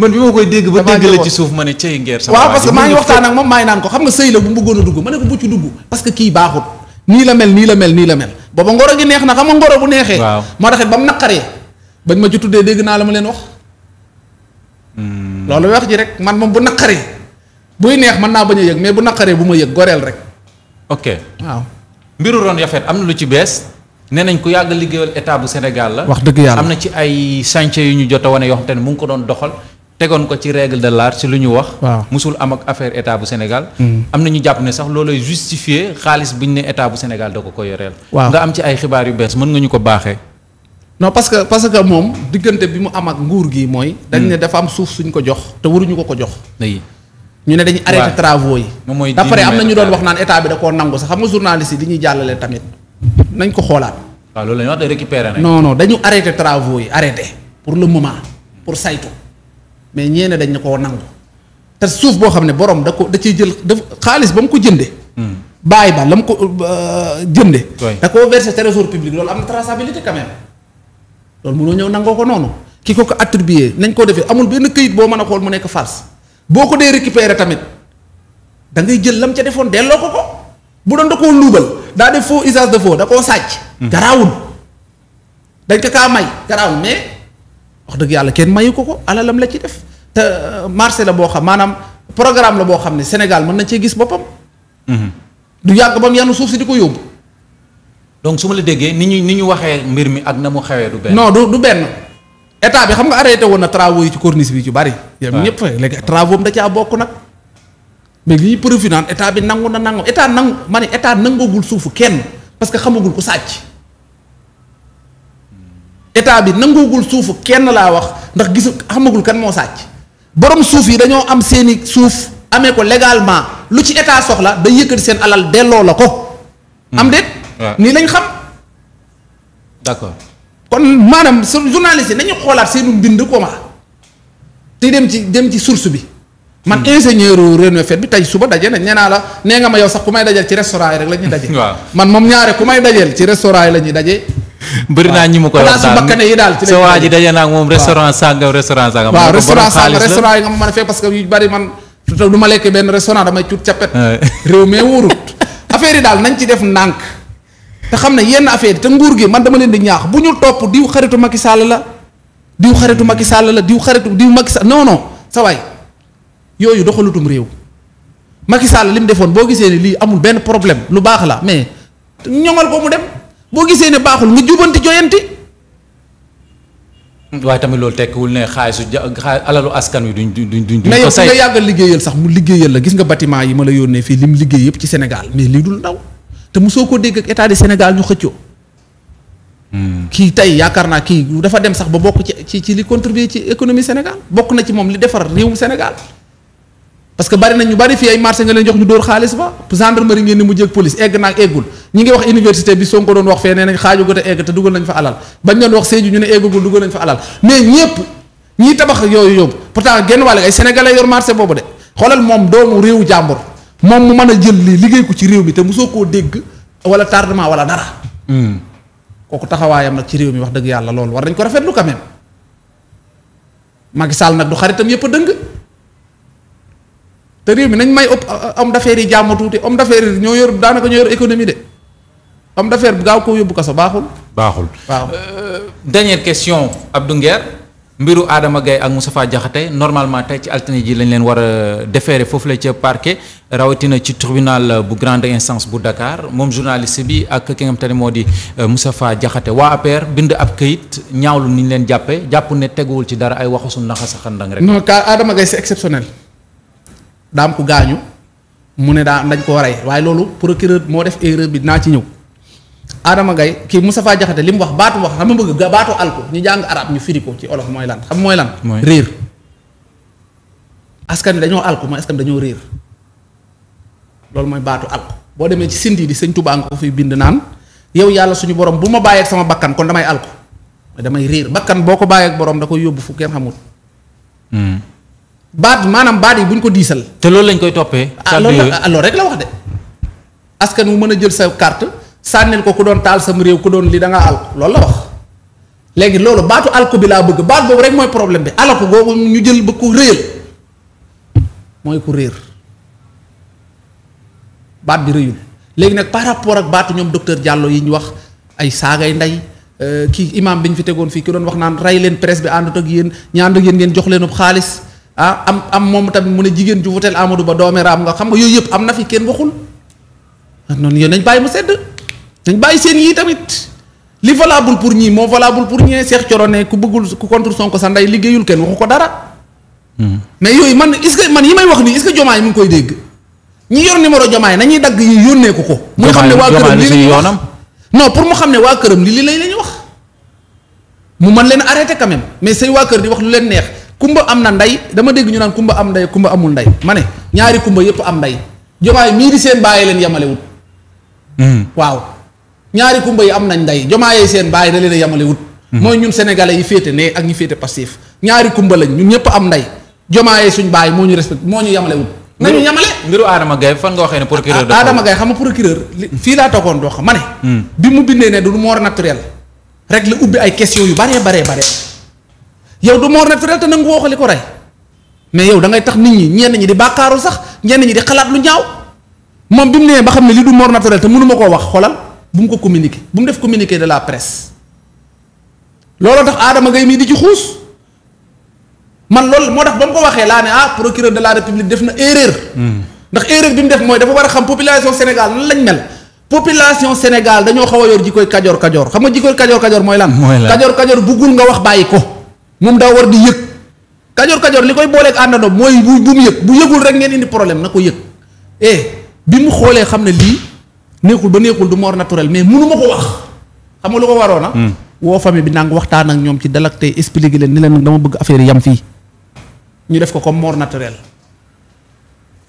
man bi ma koy dégg ba dégg la ci suuf ma ne cey ngeer sama waaw parce que maa ngi waxtaan ak moom maay naan ko xam nga sëy la bu mu bëggoon a dugg ma ne ko bu ci dugg parce que kii baaxut nii la mel nii la mel nii la mel booba ngoro gi neex na xam nga ngoro bu neexee moo taxit ba mu naqaree bañ ma ci tuddee dégg naa la ma leen wax hmm. loolu wax ji rek man moom bu naqaree buy neex mën naa bañ a yëg mais bu naqaree bu ma yëg goreel rek ok waaw mbiru Ron Yafet am na lu ci bees nee nañ ku yàgg liggéeyal état bu Sénégal la wax dëgg yàlla am na ci ay chantier yu ñu jot a wane yoo xam te ne mu ngi ko doon doxal tegoon ko ci règle de l'art ci lu ñu wax. waaw musul am ak affaire état bu Sénégal. Hmm. am na ñu jàpp ne sax loolooy justifier xaalis bu ñu ne état bu Sénégal da ko ko yoreel. waaw nga am ci ay xibaar yu bees mën nga ñu ko baaxee. non parce que parce que moom diggante bi mu am ak nguur gi mooy. dañ ne hmm. dafa am suuf suñ ko jox. te waruñu ko ko jox. ñu ne dañuy arrêté travaux yi. moom mooy d'après am na ñu doon wax naan état bi da koo sax xam nga journaliste di ñuy jàllale tamit nañ ko xoolaat. loolu la ñu wax de dañu arrêté travaux yi arrêté pour le moment pour saytu mais ñeene dañ na ko nangu te suuf boo xam ne borom da ko da ciy jël daf xaalis ba mu ko jënde hmm. bàyyi ba la mu ko euh, jënde da koo versé trésor public loolu am na traçabilité quand même loolu mënoo ñëw nangoo ko noonu ki ko ko attribué nañ koo defee amul benn këyit boo mën a xool mu nekk farce boo ko dee récupérer tamit da ngay jël mu ca defoon delloo ko ko bu doon da koo luubal daa def foo usage de foo da koo sàcc. Hmm. garaawul dañ ko kaa may garaawul wax dëgg yàlla kenn mayu ko ko alalam la ci def te euh, marché la boo xam maanaam programme la boo xam ne Sénégal mën na cee gis boppam. Mhm. du yàgg ba mu yanu suuf si di ko yóbbu. donc su ma la déggee ni ñu ni ñu waxee mbir mi ak na mu xewee du benn. non benn état bi xam nga arrêté woon na travaux yi ci corniche bi ju bari. waaw yéen ñëpp fa léegi travaux am da caa bokk nag. mais li ñuy profité naan état bi nangu na nangu état nangu ma ne état nangagul suufu kenn parce que xamagul ko sàcc. état bi nangoogul suufu kenn laa wax ndax gisul xamagul kan moo sàcc borom suuf yi dañoo am seeni suuf amee ko légalement lu ci état soxla day yëkkati seen alal delloo la ko. am hmm. déet. nii lañ xam. d'accord kon maanaam sa journaliste nañu xoolaat seenu mbind ko ma te dem ci dem ci source bi. man hmm. ingénieur Rewmi FM bi tey suba daje na nee naa la nee nga ma yow sax ku may dajal ci restaurant yi rek la ñuy daje. man moom ñaare ku may dajal ci restaurant yi la ñuy daje. bëri naa ñi mu koy wax daal bakkane yi daal sa waa ji daje naa moom restaurant sàngam restaurant sàngam waaw restaurant sàngam restaurant yi nga ma mën a fekk parce que yu bari man du ma benn restaurant damay cuut capet réew mee wóorut affaire daal nañ ci def nànk te xam ne yenn affaire te nguur gi man dama leen di ñaax bu ñu topp diw xaritu Macky Sall la diw xaritu Macky Sall la diw xaritu diw Macky Sall non non sa waay yooyu doxalutum réew Macky Sall li mu defoon boo gisee ni lii amul benn problème lu baax la ñoŋal ko mu dem boo gisee ne baaxul nga jubanti joyanti. waaye tamit loolu tekkiwul ne xaalisu ja alalu askan wi duñ duñ duñ. duñ ko say mais yow nga yàgg liggéeyal sax mu liggéeyal la gis nga bâtiment yi ma la yónnee fii lim liggéey yëpp ci Sénégal mais lii dul ndaw te mosoo ko dégg ak état du Sénégal ñu xëccoo. Hmm. kii tey yaakaar naa kii dafa dem sax ba bokk ci ci ci li contribuer ci économie Sénégal bokk na ci moom li defar réewum Sénégal. parce que bari na ñu bari fii ay marché nga leen jox ñu dóor xaalis ba gendarmerie ngeen ni mu jég police egg naag eggul ñi ngi wax université bi Sonko doon wax fee nee nañ xaajugut a egg te dugal nañ fa alal bañ doon wax Sédhiou ñu ne eggagul dugal nañ fa alal mais ñëpp ñiy tabax yooyu yóbbu pourtant genn wàll ay sénégalais yor marché boobu de xoolal moom doomu réewu jàmbur moom mu mën a jël lii liggéey ko ci réew mi te mosoo koo dégg wala tardement wala dara. Hmm. kooku taxawaayam nag ci réew mi wax dëgg yàlla loolu war nañ ko rafetlu quand même Macky Sall nag du xaritam yëpp a réew mi nañ may ëpp homme d'affaires yi jàmm tuuti homme ñoo yor daanaka ñoo yor am d'affaire bu gaaw koo yóbbu kaso baaxul. baaxul waaw. Euh, dernière question Abdou Nguer mbiru aadama gay ak Moustapha Diakhaté normalement tey ci altine ji lañ leen war a déférer foofu la ca parquet rawatina ci tribunal bu grande instance bu Dakar moom journaliste bi ak ki ne moo di euh, Moustapha Diakhaté waa APR bind ab këyit ñaawlu ni leen jàppee jàpp ne teguwul ci dara ay waxasu suñu naxa sa xandang rek. non car Adama Gaye c'est exceptionnel daam ko gaañu mu ne daan dañ ko rey waaye loolu procureur moo def erreur bi naa ci ñëw. Adama Gaye kii Moustapha Diakhaté li mu wax baatu wax xam nga bëgg baatu al ko ñu jàng arab ñu firi ko ci olof mooy lan xam mooy lan. réer askan wi dañoo al mooy askan dañoo réer loolu mooy baatu al boo demee ci sindi di sëñ Touba nga ko fi bind naan yow yàlla suñu borom bu ma bàyyeeg sama bakkan kon damay al ko damay réer bakkan boo ko bàyyeek borom da koy yóbbu fu kenn xamul. Hmm. baat maanaam baat yi bu ko diisal. te loolu lañ koy toppee. ah loolu ah, rek la wax de wu mën a jël sa carte. sànnil ko ku doon taal sama réew ku doon li da ngaa alko loolu la wax léegi loolu baatu alko bi laa bëgg baat boobu rek mooy problème bi alko googu ñu jël ba ku réyal mooy ku réer baat bi réyul léegi nag par rapport ak baatu ñoom docteur jàlloo yi ñu wax ay saagay ndey euh, kii imam bi ñu fi tegoon fii ki doon wax naan rey leen presse bi àndut ak yéen ñi ànd ak yéen ngeen jox leen ab xaalis ah, am am moom tamit mu ne jigéen ju votel Amadou Ba doomeeraam nga xam nga yooyu yëpp am na fi kenn waxul ah, noonu yéen nañ bàyyi mu sedd dañ bàyyi seen yii tamit li valable pour ñii moo valable pour ñee Cheikh Thioro ne ku bëggul ku contre Sonko sa ndey liggéeyul kenn waxu ko dara. Hmm. mais yooyu man est-ce man yi may wax nii est-ce que koy dégg ñi yor numéro jomaay nañuy dagg yi yónnee ko ko. mu ne waa këram li li yoonam. non pour mu xam ne waa këram li li lay lañu wax mu man leen arrêté quand même mais say waa kër di wax lu leen neex kumba am na ndey dama dégg ñu naan kumba am ndey kumba amul ndey ma ne ñaari kumba yëpp am ndey jomaay mii di seen bàyyi leen yamalewut hmm. waaw ñaari kumba yi am nañ ndey jomaayee seen bàyyi da leen a yamale wut. Mhm. mooy ñun sénégalais yi féete ne ak ñi féete passif ñaari kumba lañ ñun ñëpp am ndey jomaayee suñ bàyyi moo ñu respecté moo ñu yamale wut. nañu yamale mbiru Adama Gaye fan nga waxee ne procureur dafa Adama Gaye xam nga procureur fii laa toogoon dox ma ne. Hmm. bi mu bindee ne du mort naturel rek la ubbi ay question yu baree baree bare yow du mort naturel te nangu woo ko ko rey mais yow da ngay tax nit ñi ñenn ñi di bàkkaarul sax ñenn ñi di xalaat lu ñaaw moom bi ba xam ne li du mort naturel te mënu koo wax xoolal bu mu ko communiquer bu mu def communiqué de la presse looloo tax aadama Gaye mii di ci xuus man loolu moo tax ba mu ko waxee laa ne ah procureur de la république def na erreur. Hmm. ndax erreur bi mu def mooy dafa war a xam population Sénégal nan lañ mel. population Sénégal dañoo xaw a yor jikkoy kajoor kajoor xam nga jikkoy kajoor kajoor mooy lan. mooy lan kajoor kajoor buggul nga wax bàyyi ko moom daa war di yëg kajoor kajoor li koy booleeg àndandoo mooy bu bu mu yëg bu yëgul rek ngeen ko yëg eh, bi mu xoolee xam ne lii. neexul ba neexul du mort naturel mais mënu ma ko wax xam nga lu ko waroon a. Hmm. woo famille bi nang waxtaan ak ñoom ci dal ak tey expliqué leen ni leen dama bëgg affaire yam fii ñu def ko comme mort naturel.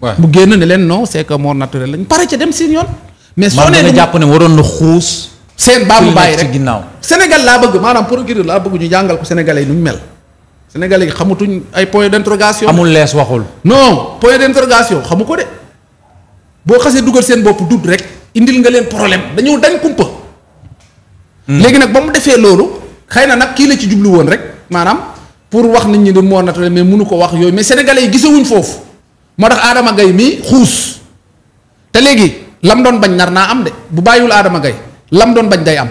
waaw mu génn ne leen noo c'est que mort naturel lañ pare ca dem si yoon. mais soo nee jàpp ne waroon na xuus. seen baabu bàyyi rek ginnaaw Sénégal laa bëgg maanaam pour procureur laa bëgg ñu jàngal ko sénégalais yi nu mel. sénégalais yi xamatuñ ay point d'interrogation. amul lees waxul. non point d'interrogation xamu ko de boo xasee dugal seen bopp dut rek. indil nga leen problème dañoo dañ kumpa. Hmm. léegi nag ba mu defee loolu xëy na nag kii la ci jublu woon rek maanaam pour wax nit ñi de moo naturel mais mënu ko wax yooyu mais sénégalais yi gisewuñ foofu moo tax Adama Gaye mii xuus te léegi lam doon bañ nar naa am de bu bàyyiwul gay la mu doon bañ day am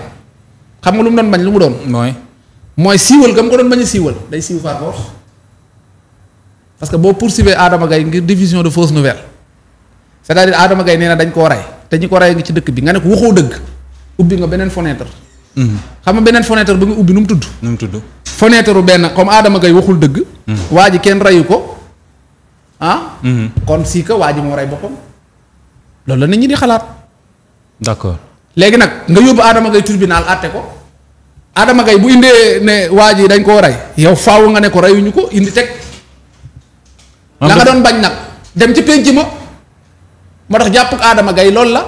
xam nga lu mu doon bañ lu mu doon. mooy mooy siiwal gam ko doon bañ a siiwal day siiw par force parce que boo poursuivre Adama Gaye ngir diffusion de fausses nouvelles c'est-à-dire nee na dañ koo rey. te ñi ko rey nga ci dëkk bi nga ne ko waxoo dëgg ubbi nga beneen fenêtre. Mhm. xam nga beneen fenêtre bi nga ubbi nu mu tudd. nu mu tudd fenêtre benn comme Adama Gaye waxul dëgg. Mhm. waa ji kenn reyu ko ah. Mhm. kon sii ka waa ji moo rey boppam loolu la nit ñi di xalaat. d'accord léegi nag nga yóbbu Adama gay tribunal àtte ko. Adama Gaye bu indee ne waaj yi dañ koo rey yow faaw nga ne ko reyuñu ko indi teg. la nga doon bañ nag dem ci penc ma. moo tax jàpp aadama gay loolu la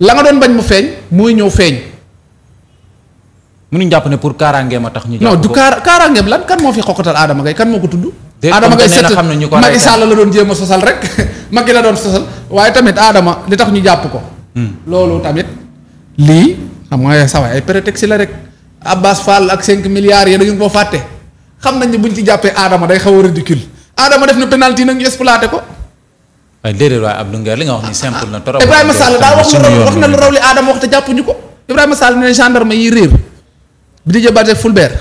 la nga doon bañ mu feeñ mooy ñëw feeñ. mënuñ jàpp ne pour kaaraangeem ma tax ñu. jàpp non du kaar kaaraangeem lan kan moo fi xoqatal aadama gay kan moo ko tudd. aadama gay set Macky Sall la doon jéem a sosal rek Macky la doon sosal waaye tamit aadama li tax ñu jàpp ko. Hmm. loolu tamit lii xam nga sa waay ay prétexte la rek. Abbas Fall ak 5 milliards yi da ngeen koo fàtte xam nañ ne buñ ci jàppee aadama day xaw a ridicule aadama def na penalty nag ñu exploité ko. waaye déedéet waaye Abdou Nguer li nga wax ni simple na trop. Ibrahima daa wax na lu raw li aadama wax jàppuñu ko Ibrahima Sall ne gendarme yi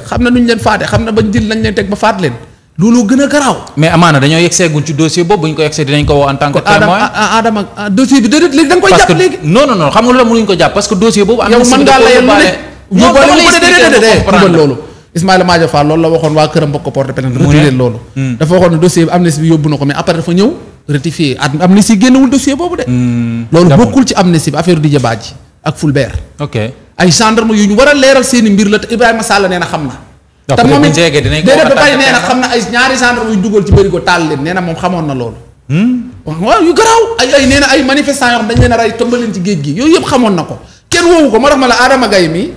xam na nu ñu leen faate xam na ba jël nañ leen teg ba faat leen loolu gën a garaaw. mais amaana dañoo yegseegul ci dossier boobu bu ñu ko yegsee dinañ ko woo en tant que témoin ah, ah, Adama ah, dossier bi déedéet léegi da koy jàpp léegi. non non xam nga lu la ko jàpp parce que dossier boobu. am si lu ko bëri yow mën Ismaïla Madior Fall loolu la waxoon waa këram bokk porte plainte retiré leen loolu mm. dafa waxoon ne dossier bi amnistie bi yóbbu na ko mais après dafa ñëw rectifier at amnistie génnewul dossier boobu de mm. loolu bokkul ci amnistie bi affaire Didier Badji ak Fulbert ay gendarme yu ñu war a leeral seeni mbir la te Ibrahima Sall nee na xam na te moom it déedéet ba pare nee xam na ay ñaari gendarme yu dugal ci bërigo taal leen nee na moom xamoon na loolu hmm? waaw yu garaaw ay ay nee dañ leen a rey tëmbaleen yooyu yëpp xamoon na ko kenn woowu ko moo tax ma la Adama Gaye mi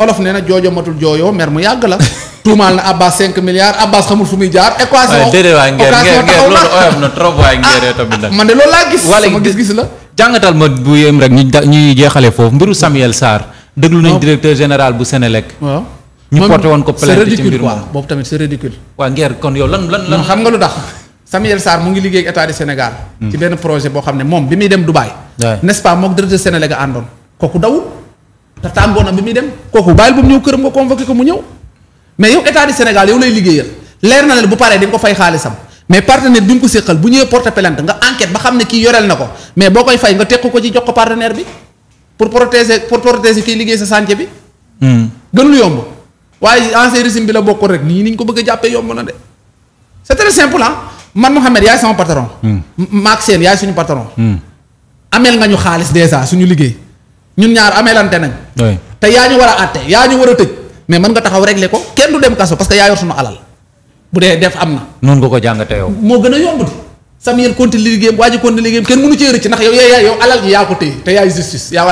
olof nee na joojo matul jooyoo mer mu yàgg la tuumaal na Abbas 5 milliards Abbas xamul fu muy jaar. équation occasion taxaw na ah, man de loolu laa gis. sama gis-gis la jàngatal ma bu yem rek ñu ñuy jeexale foofu mbiru Samuel Sarr. déglu nañ directeur général bu Sénélec. waaw ñu porté woon ko plainte ci mbir moom boobu tamit c'est ridicule. waa ngeer kon yow lan lan lan. xam nga lu tax Samuel saar mu ngi liggéey ak état du Sénégal. Hmm. ci benn projet boo xam ne moom bi muy dem Dubaï. n'est-ce pas mook directeur Sénélec a te tàngoon na bi muy dem kooku bàyyil ba mu ñëw këram nga convoqué ko mu ñëw mais yow état du Sénégal yow lay liggéeyal leer na leen bu paree di nga ko fay xaalisam mais partenaire bi nga ko séqal bu ñëwee porte plainte nga enquête ba xam ne kii yoreel na ko mais boo koy fay nga teq ko ci jox ko partenaire bi pour protéger pour protéger kiy liggéey sa chantier bi. Hmm. gën lu yomb waaye ancien résime bi la bokkoon rek nii ni ñu ko bëgg jàppee yomb na de c'est très simple man Mouhamed yaay sama patron. Hmm. maak seen suñu patron. Hmm. ameel nga ñu xaalis dèjà suñu liggéey. ñun ñaar amelante nañ. te yaa ñu war a àtte yaa ñu war a tëj mais mën nga taxaw régler ko kenn du dem kaso parce que yaa yor sunu alal bu dee def am na. noonu nga ko jàngatee yow. moo gën a yomb di Samuel continue liggéeyam waa ji continue kenn mënu cee rëcc ndax yow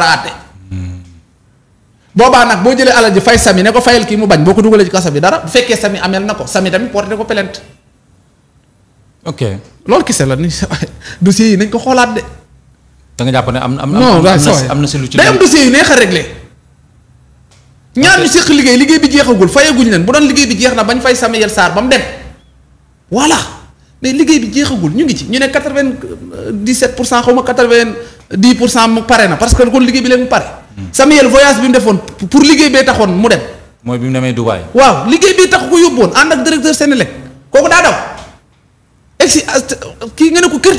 boobaa nag boo jëlee alal ji fay sami ne ko fayal kii mu bañ boo ko dugalee ci kaso bi dara bu fekkee sami ameel na ko sami tamit porté ko plainte ok loolu kese la ni dossier yi nañ ko xoolaat de. da nga jàpp ne am na. am na na si lu ci. day am dossier yu neex a ñaar ñu séq liggéey liggéey bi jeexagul fayaguñ leen bu doon liggéey bi jeex na bañ fay Samuel Sarr ba mu dem voilà liggéey bi jeexagul ñu ngi ci ñu ne quatre vingt dix pour cent xaw ma quatre vingt mu pare na parce que kon liggéey bi léegi mu pare. Hmm. Samuel defoon pour liggéey bee taxoon mu dem. mooy bi mu demee waaw liggéey bii tax ko yóbboon ànd ak directeur Sénélec kooku daa daw. ex kii nga ne ko kër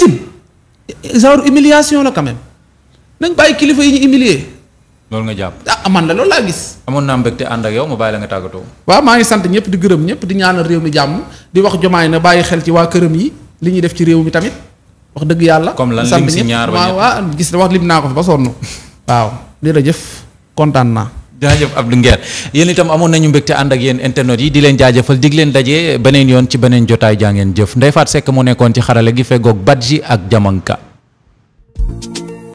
genre humiliation la quand même nañ bàyyi kilifa yi ñu humilier loolu nga jàpp ah man la loolu laa gis. amoon naa mbégte ànd ak yow ma bàyyi la nga tàggatoo. waa maa ngi sant ñëpp di gërëm ñëpp di ñaanal réew mi jàmm di wax jomaay na bàyyi xel ci waa këram yi li ñuy def ci réew mi tamit wax dëgg yàlla. comme lan lim si ñaar ba ñett ñëpp waaw gis na wax lim naa ko fi ba sonn. waaw jërëjëf kontaan naa. jaajëf Abdou Nguer yéen itam amoon nañu mbégte ànd ak yéen internet yi di leen jaajëfal dig leen daje beneen yoon ci beneen jotaay jaa ngeen jëf Ndeye Fatou Seck mu nekkoon ci xarale gi bat Badji ak Jamanka